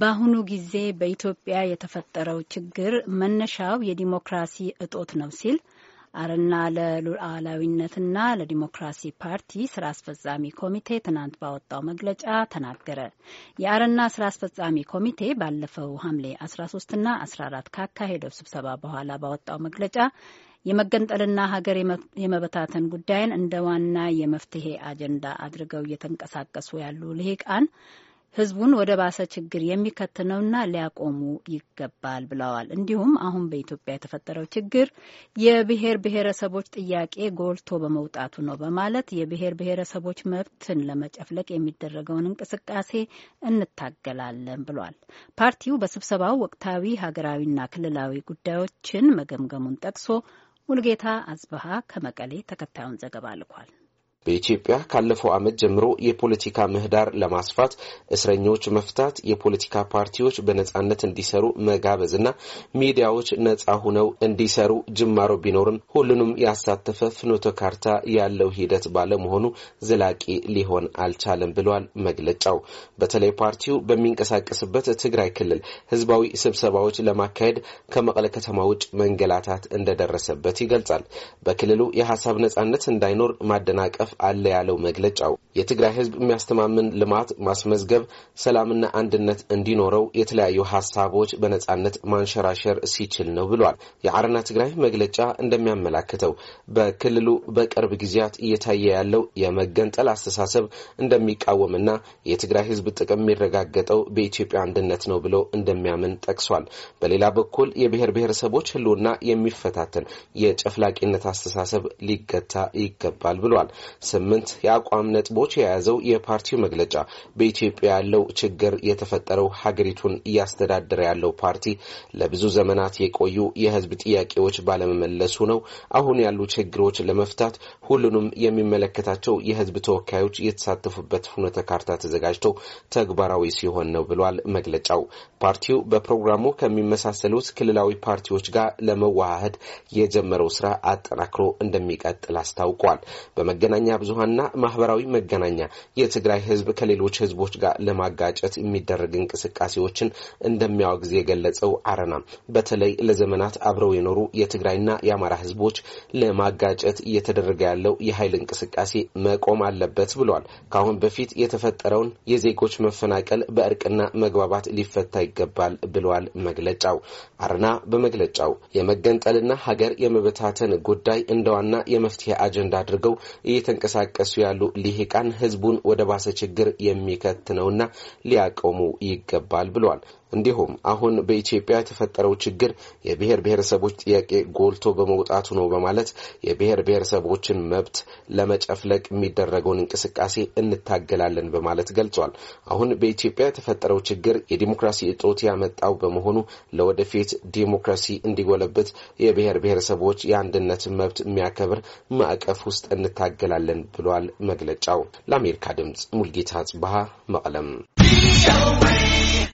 በአሁኑ ጊዜ በኢትዮጵያ የተፈጠረው ችግር መነሻው የዲሞክራሲ እጦት ነው ሲል አረና ለሉዓላዊነትና ለዲሞክራሲ ፓርቲ ስራ አስፈጻሚ ኮሚቴ ትናንት ባወጣው መግለጫ ተናገረ። የአረና ስራ አስፈጻሚ ኮሚቴ ባለፈው ሐምሌ 13ና 14 ካካሄደው ስብሰባ በኋላ ባወጣው መግለጫ የመገንጠልና ሀገር የመበታተን ጉዳይን እንደ ዋና የመፍትሄ አጀንዳ አድርገው እየተንቀሳቀሱ ያሉ ልሂቃን ህዝቡን ወደ ባሰ ችግር የሚከትነውና ሊያቆሙ ይገባል ብለዋል። እንዲሁም አሁን በኢትዮጵያ የተፈጠረው ችግር የብሔር ብሔረሰቦች ጥያቄ ጎልቶ በመውጣቱ ነው በማለት የብሔር ብሔረሰቦች መብትን ለመጨፍለቅ የሚደረገውን እንቅስቃሴ እንታገላለን ብሏል። ፓርቲው በስብሰባው ወቅታዊ ሀገራዊና ክልላዊ ጉዳዮችን መገምገሙን ጠቅሶ ሙልጌታ አጽብሃ ከመቀሌ ተከታዩን ዘገባ ልኳል። በኢትዮጵያ ካለፈው ዓመት ጀምሮ የፖለቲካ ምህዳር ለማስፋት እስረኞች መፍታት፣ የፖለቲካ ፓርቲዎች በነጻነት እንዲሰሩ መጋበዝ እና ሚዲያዎች ነጻ ሆነው እንዲሰሩ ጅማሮ ቢኖርም ሁሉንም ያሳተፈ ፍኖተ ካርታ ያለው ሂደት ባለመሆኑ ዘላቂ ሊሆን አልቻለም ብሏል መግለጫው። በተለይ ፓርቲው በሚንቀሳቀስበት ትግራይ ክልል ህዝባዊ ስብሰባዎች ለማካሄድ ከመቀለ ከተማ ውጭ መንገላታት እንደደረሰበት ይገልጻል። በክልሉ የሀሳብ ነጻነት እንዳይኖር ማደናቀፍ አለ ያለው መግለጫው የትግራይ ህዝብ የሚያስተማምን ልማት ማስመዝገብ፣ ሰላምና አንድነት እንዲኖረው የተለያዩ ሀሳቦች በነጻነት ማንሸራሸር ሲችል ነው ብሏል። የአረና ትግራይ መግለጫ እንደሚያመላክተው በክልሉ በቅርብ ጊዜያት እየታየ ያለው የመገንጠል አስተሳሰብ እንደሚቃወምና የትግራይ ህዝብ ጥቅም የሚረጋገጠው በኢትዮጵያ አንድነት ነው ብሎ እንደሚያምን ጠቅሷል። በሌላ በኩል የብሔር ብሔረሰቦች ሕልውና የሚፈታተን የጨፍላቂነት አስተሳሰብ ሊገታ ይገባል ብሏል። ስምንት የአቋም ነጥቦች የያዘው የፓርቲው መግለጫ በኢትዮጵያ ያለው ችግር የተፈጠረው ሀገሪቱን እያስተዳደረ ያለው ፓርቲ ለብዙ ዘመናት የቆዩ የህዝብ ጥያቄዎች ባለመመለሱ ነው። አሁን ያሉ ችግሮች ለመፍታት ሁሉንም የሚመለከታቸው የህዝብ ተወካዮች የተሳተፉበት ሁነተ ካርታ ተዘጋጅቶ ተግባራዊ ሲሆን ነው ብሏል መግለጫው። ፓርቲው በፕሮግራሙ ከሚመሳሰሉት ክልላዊ ፓርቲዎች ጋር ለመዋሃድ የጀመረው ስራ አጠናክሮ እንደሚቀጥል አስታውቋል። በመገናኛ ብዙሀንና ማህበራዊ መገናኛ የትግራይ ህዝብ ከሌሎች ህዝቦች ጋር ለማጋጨት የሚደረግ እንቅስቃሴዎችን እንደሚያወግዝ የገለጸው አረና በተለይ ለዘመናት አብረው የኖሩ የትግራይና የአማራ ህዝቦች ለማጋጨት እየተደረገ ያለው የኃይል እንቅስቃሴ መቆም አለበት ብሏል። ከአሁን በፊት የተፈጠረውን የዜጎች መፈናቀል በእርቅና መግባባት ሊፈታ ይገባል ብሏል መግለጫው። አረና በመግለጫው የመገንጠልና ሀገር የመበታተን ጉዳይ እንደ ዋና የመፍትሄ አጀንዳ አድርገው እየተንቀ እየተንቀሳቀሱ ያሉ ሊሂቃን ህዝቡን ወደ ባሰ ችግር የሚከት ነውና ሊያቆሙ ይገባል ብሏል እንዲሁም አሁን በኢትዮጵያ የተፈጠረው ችግር የብሔር ብሔረሰቦች ጥያቄ ጎልቶ በመውጣቱ ነው በማለት የብሔር ብሔረሰቦችን መብት ለመጨፍለቅ የሚደረገውን እንቅስቃሴ እንታገላለን በማለት ገልጿል። አሁን በኢትዮጵያ የተፈጠረው ችግር የዲሞክራሲ እጦት ያመጣው በመሆኑ ለወደፊት ዲሞክራሲ እንዲጎለብት የብሔር ብሔረሰቦች የአንድነትን መብት የሚያከብር ማዕቀፍ ውስጥ እንታገላለን ብሏል መግለጫው። ለአሜሪካ ድምጽ ሙልጌታ ጽብሃ መቀለም